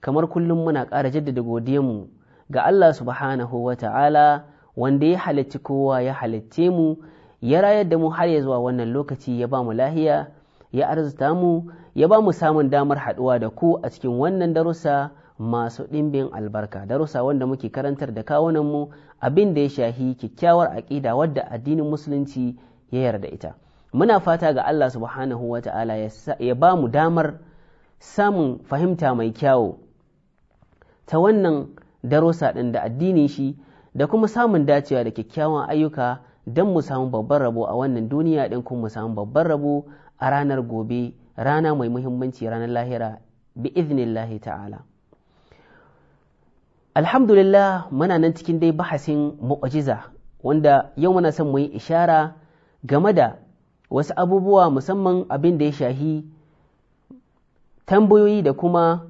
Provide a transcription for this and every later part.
kamar kullum muna ƙara jaddada godiyanmu ga Allah subhanahu wa ta'ala wanda ya halicci kowa ya halicce mu ya rayar da mu har ya zuwa wannan lokaci ya ba mu lahiya ya arzuta mu ya ba mu samun damar haɗuwa da ku a cikin wannan darussa masu ɗimbin albarka darussa wanda muke karantar da mu abin da ya shahi kyakkyawar aƙida wadda addinin musulunci ya yarda ita muna fata ga Allah subhanahu wa ta'ala ya ba mu damar samun fahimta mai kyawu ta wannan darusa ɗin da addinin shi da kuma samun dacewa da kyakkyawan ayyuka don mu samu babban rabo a wannan duniya ɗin kuma mu samu babban rabo a ranar gobe rana mai muhimmanci ranar lahira bi iznillahi ta'ala alhamdulillah muna nan cikin dai bahasin mu'ajiza wanda yau muna son mu yi ishara game da wasu abubuwa musamman abin da ya shahi tambayoyi da kuma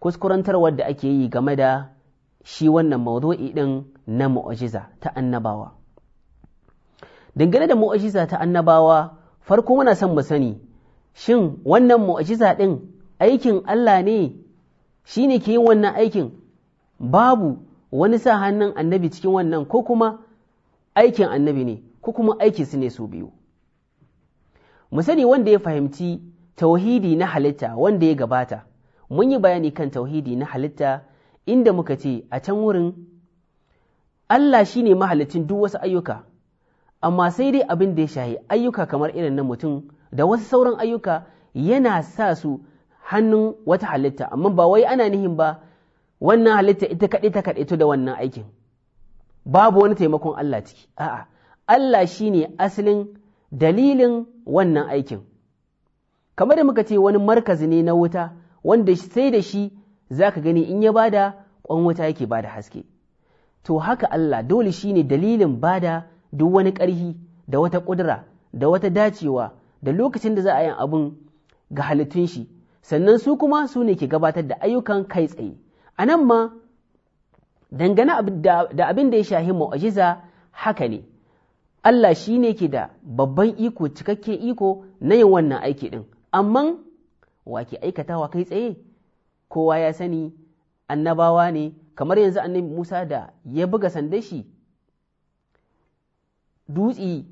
kuskurantarwar da ake yi game da shi wannan mawdu'i ɗin na mu'ajiza ta annabawa dangane da mu'ajiza ta annabawa farko muna son mu sani shin wannan mu'ajiza ɗin aikin Allah ne shi ne ke yin wannan aikin babu wani sa hannun annabi cikin wannan ko kuma aikin annabi ne ko kuma aiki su ne su biyu mu sani wanda ya fahimci tauhidi na halitta wanda ya gabata mun yi bayani kan tauhidi na halitta inda muka ce a can wurin Allah shi ne mahalicin duk wasu ayyuka amma sai dai abin da ya shahi ayyuka kamar irin na mutum da wasu sauran ayyuka yana sa su hannun wata halitta amma ba wai ana nihin ba wannan halitta ita kaɗe ta kaɗaito da wannan aikin babu wani taimakon Allah ciki a'a Allah shi ne asalin dalilin wannan aikin kamar da muka ce wani markazi ne na wuta wanda sai da shi za ka gani in ya bada ƙwan wata yake bada haske to haka Allah dole shi ne dalilin bada duk wani ƙarhi da wata ƙudura da wata dacewa da lokacin da za a yi abin ga halittun shi sannan su kuma su ne ke gabatar da ayyukan kai tsaye a nan ma dangane da abin da ya shahi mu'ajiza haka ne Allah shi ne ke da babban iko cikakken iko na yin wannan aiki ɗin amma wa ke aikatawa kai tsaye kowa ya sani annabawa ne kamar yanzu annabi Musa da ya buga sandan shi dutsi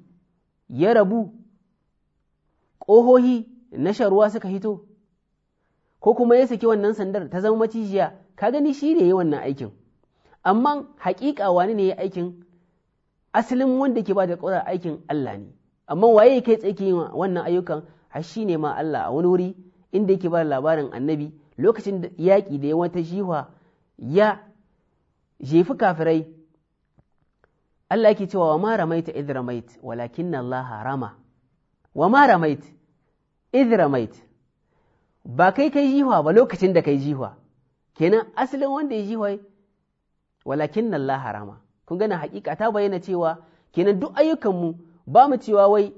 ya rabu ƙohohi na sharuwa suka hito ko kuma ya saki wannan sandar ta zama macijiya ka gani shi ne ya wannan aikin amma haƙiƙa wani ne ya aikin asalin wanda ke ba da ƙwarar aikin Allah ne amma waye kai tsaye yin wannan ayyukan har shi ne ma Allah a wani wuri inda yake ba labarin annabi lokacin yaƙi da ya wata jiwa ya jefi kafirai Allah yake cewa wa ma ramaita walakin Allah rama wa ma maita, idh ba kai kai jiwa ba lokacin da kai jiwa kenan asalin wanda ya jiwa walakin Allah rama kun gana hakika ta bayyana cewa kenan duk ayyukanmu ba mu cewa wai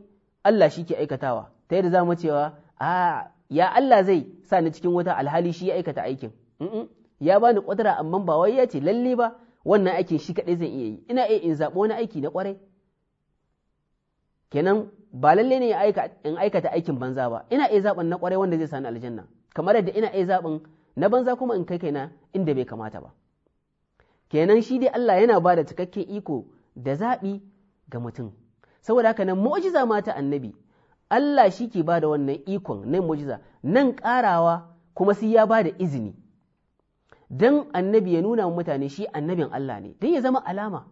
Allah shi ke aikatawa ta yadda za mu cewa a ya Allah zai sa ni cikin wata alhali shi ya aikata aikin ya bani kudura amma ba wai ya ce lalle ba wannan aikin shi kaɗai zan iya yi ina iya in zaɓi wani aiki na ƙwarai kenan ba lalle ne in aikata aikin banza ba ina iya zaɓin na ƙwarai wanda zai sani aljanna kamar yadda ina iya zaɓin na banza kuma in kai kaina inda bai kamata ba kenan shi dai Allah yana ba da cikakken iko da zaɓi ga mutum saboda haka nan mu'jiza mata annabi Allah shi ke ba da wannan ikon na mujiza nan ƙarawa kuma sai ya ba da izini don annabi ya nuna mutane shi annabin Allah ne don ya zama alama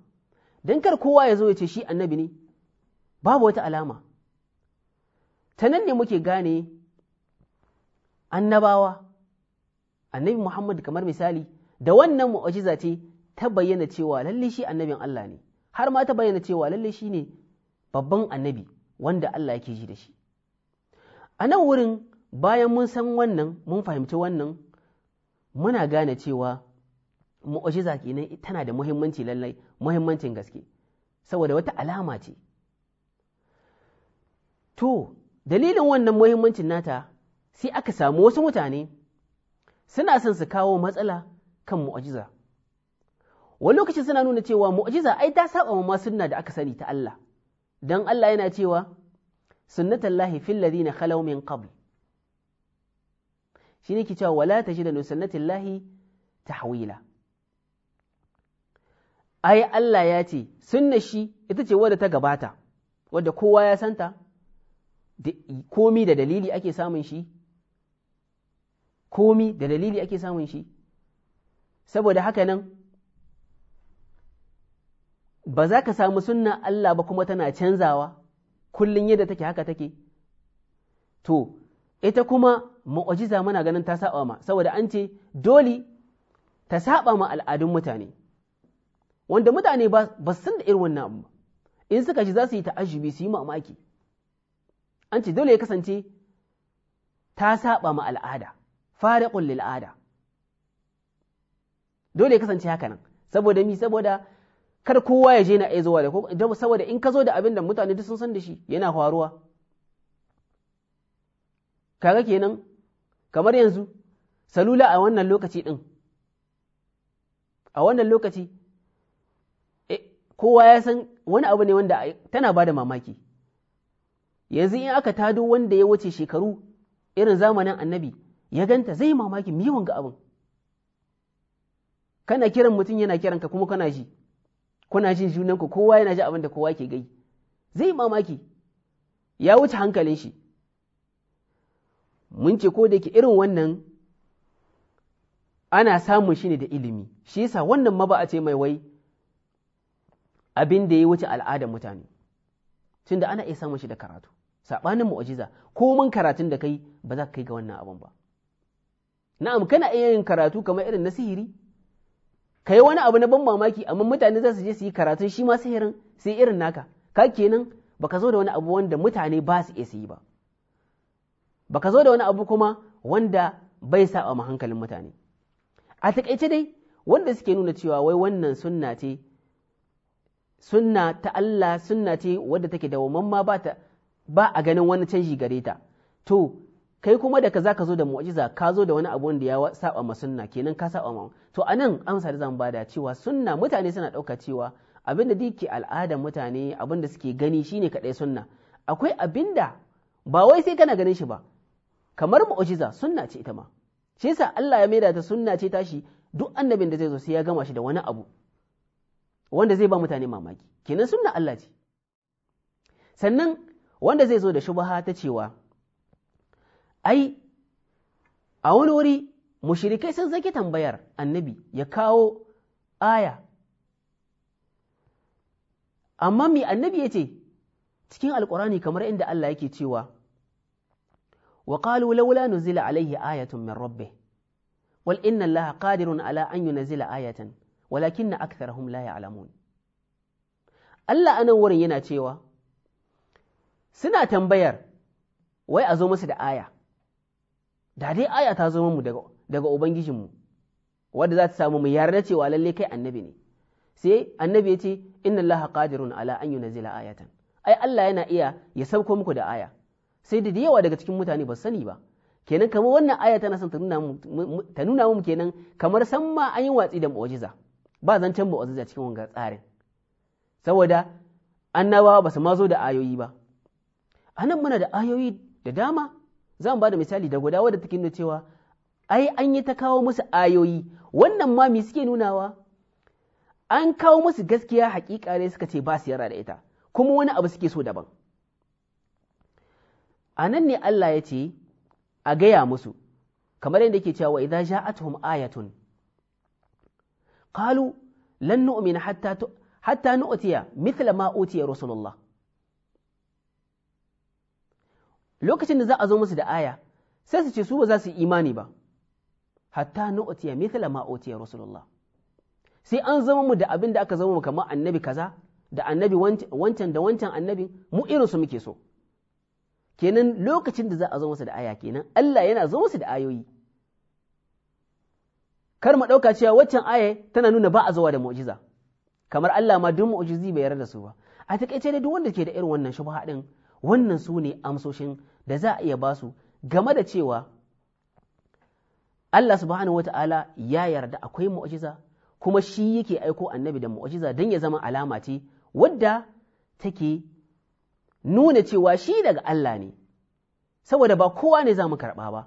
don kar kowa ya zo ya ce shi annabi ne babu wata alama ta nan ne muke gane annabawa annabi Muhammad kamar misali da wannan mu'ajiza ce ta bayyana cewa lalle shi annabin Allah ne har ma ta bayyana cewa lalle shi ne babban annabi wanda Allah yake ji da shi a nan wurin bayan mun san wannan mun fahimci wannan muna gane cewa mu'ujiza kenan tana da muhimmanci lallai muhimmancin gaske saboda wata alama ce to dalilin wannan muhimmancin nata sai aka samu wasu mutane suna son su kawo matsala kan mu'ujiza wani lokaci suna nuna cewa mu'ujiza ai ta saba ma suna da aka sani ta Allah don Allah yana cewa sunnatallahi fil ladina khalaw min qabl shi ne ki cewa wala tajidu li sunnatillahi tahwila ai Allah ya ce sunna shi ita ce wadda ta gabata wadda kowa ya santa komi da dalili ake samun shi komi da dalili ake samun shi saboda haka nan ba za ka samu sunna Allah ba kuma tana canzawa kullum yadda take haka take to ita kuma mu'ajiza muna ganin ta saba ma saboda an ce dole ta saba ma al'adun mutane wanda mutane ba san da irin wannan abu in suka ji za su yi ta'ajibi su yi mamaki an ce dole ya kasance ta saba ma al'ada fara lil al'ada. dole ya kasance haka nan saboda mi saboda kar kowa ya je na iya zuwa da ko saboda in ka zo da abin da mutane duk sun san da shi yana faruwa kaga kenan kamar yanzu salula a wannan lokaci din a wannan lokaci eh, kowa ya san wani abu ne wanda tana ba da mamaki yanzu in aka tado wanda ya wuce shekaru irin zamanin annabi ya ganta zai yi mamaki miyawan ga abin kana kiran mutum yana kiranka kuma kana ji kuna jin junanku kowa yana ji abin da kowa ke gai zai mamaki ya wuce hankalin shi mun ce ko da ke irin wannan ana samun shi ne da ilimi shi yasa wannan ma ba a ce mai wai abin da ya wuce al'adar mutane tunda ana iya samun shi da karatu saɓanin mu'ajiza ko mun karatun da kai ba za ka kai ga wannan abin ba na'am kana iya yin karatu kamar irin na sihiri kai wani abu na ban mamaki amma mutane za su je su yi karatun shi ma sihirin sai irin naka ka kenan baka zo da wani abu wanda mutane ba su iya su yi ba baka zo da wani abu kuma wanda bai saba ma hankalin mutane a takaice dai wanda suke nuna cewa wai wannan sunna ce sunna ta Allah sunna ce wadda take da ma ba ta ba a ganin wani canji gare ta to kai kuma da kaza ka zo da mu'jiza ka zo da wani abu wanda ya saba ma sunna kenan ka saba ma to anan amsa da zan bada cewa sunna mutane suna ɗauka cewa abin da dike al'adar mutane abin da suke gani shine kadai sunna akwai abinda. ba wai sai kana ganin shi ba kamar mu'jiza sunna ce ita ma shi yasa Allah ya maida ta sunna ce tashi duk annabin da zai zo sai ya gama shi da wani abu wanda zai ba mutane mamaki kenan sunna Allah ce sannan wanda zai zo da shubha ta cewa ai a wani wuri mushirikai sun zaki tambayar annabi ya kawo aya amma mai annabi ya ce cikin alkurani kamar inda Allah yake cewa wa qalu laula nuzila alaihi ayatun min rabbih wal inna allaha qadirun ala an yunzila ayatan walakinna aktharahum la ya'lamun Allah anan wurin yana cewa suna tambayar wai a zo musu da aya da dai aya ta zo mu daga ubangijinmu wadda za ta samu mu yarda cewa lalle kai annabi ne sai annabi ya ce inna Allah qadirun ala an yunzila ayatan ai Allah yana iya ya sauko muku da aya sai da yawa daga cikin mutane ba sani ba kenan kamar wannan aya tana son ta nuna mu kenan kamar san ma an yi watsi da mu'jiza ba zancen mu'jiza cikin wanga tsarin saboda annabawa ba su ma zo da ayoyi ba anan muna da ayoyi da dama zan ba da misali da guda wadda take nuna cewa ai an yi ta kawo musu ayoyi wannan ma me suke nunawa an kawo musu gaskiya hakika ne suka ce ba su yara da ita kuma wani abu suke so daban a nan ne Allah ya ce a gaya musu kamar yadda yake cewa idza ja'atuhum ayatun Kalu lan nu'mina hatta hatta nu'tiya mithla ma utiya rasulullah lokacin da za a zo musu da aya sai su ce su ba za su yi imani ba hatta na otiya mithla ma otiya rasulullah sai an zama mu da abin da aka zama mu kamar annabi kaza da annabi wancan da wancan annabi mu irin su muke so kenan lokacin da za a zo musu da aya kenan Allah yana zo musu da ayoyi kar mu ɗauka cewa waccan aya tana nuna ba a zuwa da mu'jiza kamar Allah ma duk mu'jizi bai yarda da su ba a takaice dai duk wanda ke da irin wannan shubha din wannan su ne amsoshin da za a iya ba su game da cewa Allah subhanahu wata'ala ya yarda akwai mu'ujiza. kuma shi yake aiko annabi da mu'ujiza don ya zama alama ce wadda take nuna cewa shi daga Allah ne saboda ba kowa ne za mu karɓa ba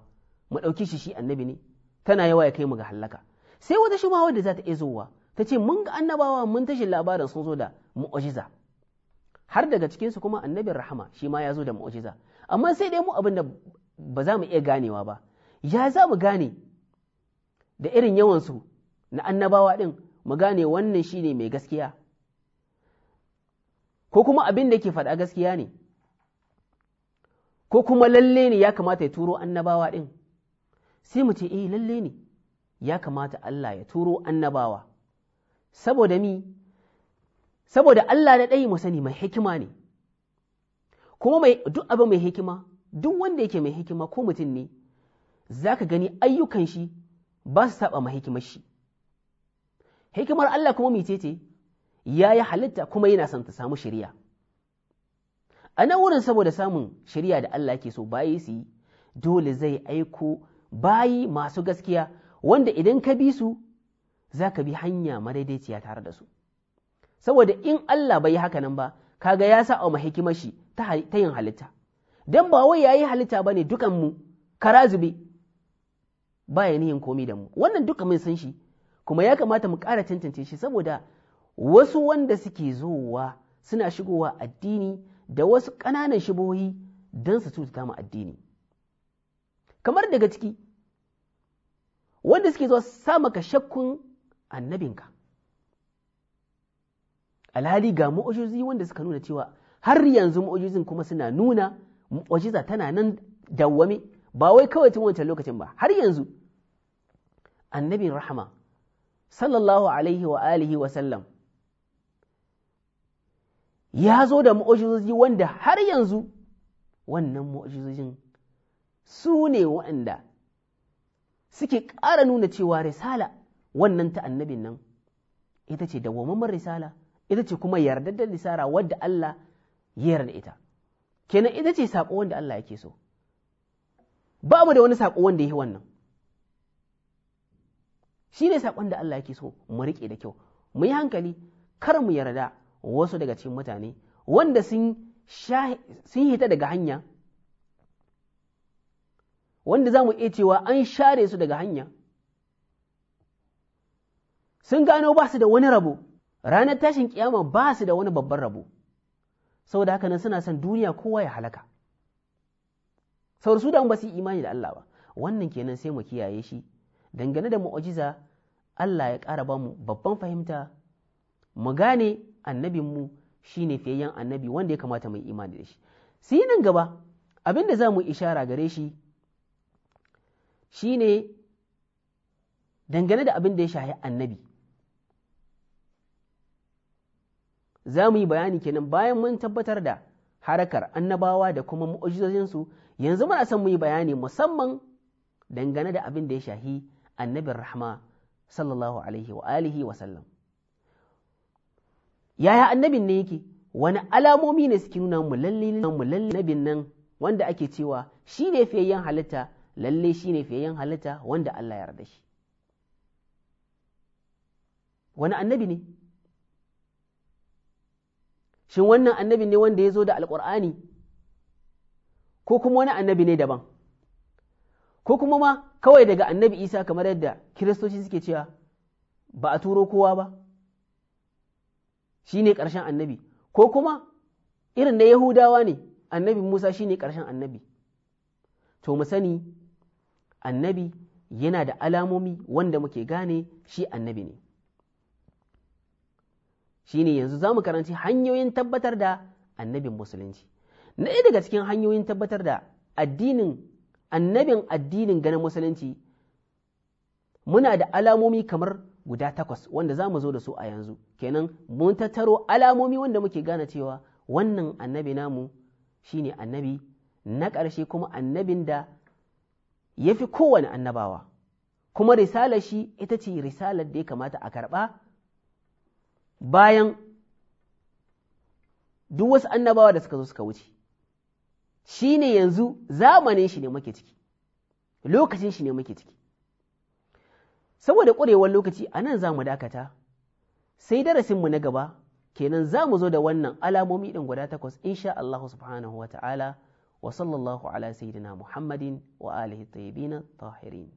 mu ɗauki shi shi annabi ne tana yawa ya kai mu ga hallaka sai wata shubha wadda za ta iya zowa ta ce mun ga annabawa mun tashi labarin sun zo da mu'ujiza. har daga cikinsu kuma annabin rahama shi ma ya zo da mu'jiza amma sai dai mu abin da ba za mu iya ganewa ba ya za mu gane da irin yawansu na annabawa ɗin mu gane wannan shi ne mai gaskiya ko kuma abin da ke faɗa gaskiya ne ko kuma lalle ne ya kamata ya turo annabawa ɗin sai mu ce eh lalle ne ya kamata Allah ya turo annabawa saboda mi saboda Allah na ɗaya mu sani mai hikima ne kuma duk abu mai hikima duk wanda yake mai hikima ko mutum ne za ka gani ayyukan shi ba su saba ma hikimar shi hikimar Allah kuma mai tete, ya yi halitta kuma yana son ta samu shirya. a nan wurin saboda samun shirya da Allah ke so bayi su yi dole zai aiko bayi masu gaskiya wanda idan ka bi su za ka bi hanya madaidaiciya tare da su saboda in Allah bai yi haka nan ba kaga ya sa a hikimar shi ta yin halitta dan ba wai ya yi halitta bane dukan mu zube ba ya yin komi da mu wannan duka mun san shi kuma ya kamata mu ƙara tantance shi saboda wasu wanda suke zowa suna shigowa addini da wasu ƙananan shibohi don su cuta mu addini kamar daga ciki wanda suke zuwa sa maka shakkun annabinka alhali ga mu'ujizi wanda suka nuna cewa har yanzu mu'ujizin kuma suna nuna mu'ujiza tana nan dawwame ba wai kawai tun wancan lokacin ba har yanzu annabin rahama sallallahu alaihi wa alihi wa sallam ya zo da mu'ujizi wanda har yanzu wannan mu'ujizin su ne waɗanda suke ƙara nuna cewa risala wannan ta annabin nan ita ce dawwamamman risala ita ce kuma yardaddar lisara wadda Allah ya yarda ita kenan ita ce saƙo wanda Allah yake so ba mu da wani saƙo wanda ya yi wannan shi ne saƙon da Allah yake so mu riƙe da kyau mu yi hankali kar mu yarda wasu daga cikin mutane wanda sun hita daga hanya wanda za mu iya cewa an share su daga hanya sun gano ba su da wani rabo ranar tashin kiyama ba su da wani babban rabo saboda haka nan suna son duniya kowa ya halaka sauransu da ba su imani da Allah ba wannan kenan sai mu kiyaye shi dangane da mu'ajiza Allah ya ƙara ba mu babban fahimta mu gane annabin mu shine fiyayyen annabi wanda ya kamata mu imani da shi sai nan gaba abin da za mu ishara gare shi shine dangane da abin da ya shahi annabi za mu yi bayani kenan bayan mun tabbatar da harakar annabawa da kuma mu'ujizojinsu yanzu muna son mu yi bayani musamman dangane da abin da ya shahi annabin rahma sallallahu alaihi wa alihi wa sallam yaya annabin ne yake wani alamomi ne suke nuna mu lalle nabin nan wanda ake cewa shi ne fiyayyen halitta lalle shi ne fiyayyen halitta wanda Allah ya yarda shi wani annabi ne shin wannan annabi ne wanda ya zo da alkur'ani ko kuma wani annabi ne daban ko kuma ma kawai daga annabi isa kamar yadda kiristoci suke cewa ba a turo kowa ba shi ne ƙarshen annabi ko kuma irin na yahudawa ne annabi musa shi ne ƙarshen annabi to mu sani annabi yana da alamomi wanda muke gane shi annabi ne shine yanzu za mu karanci hanyoyin tabbatar da annabin musulunci na ɗaya daga cikin hanyoyin tabbatar da addinin annabin addinin ganin musulunci muna da alamomi kamar guda takwas wanda za mu zo da su a yanzu kenan mun tattaro alamomi wanda muke gane cewa wannan annabi namu shine annabi na ƙarshe kuma annabin da ya fi kowane annabawa kuma risalar shi ita ce risalar da ya kamata a karɓa bayan duk wasu annabawa da suka zo suka wuce shi ne yanzu zamanin shi ne muke ciki lokacin shi ne muke ciki saboda ƙurewar lokaci a nan za mu dakata sai darasinmu na gaba kenan za mu zo da wannan alamomi ɗin guda takwas insha Allah subhanahu wa ta'ala wa sallallahu ala sayyidina Muhammadin wa alihi tayyibin tahirin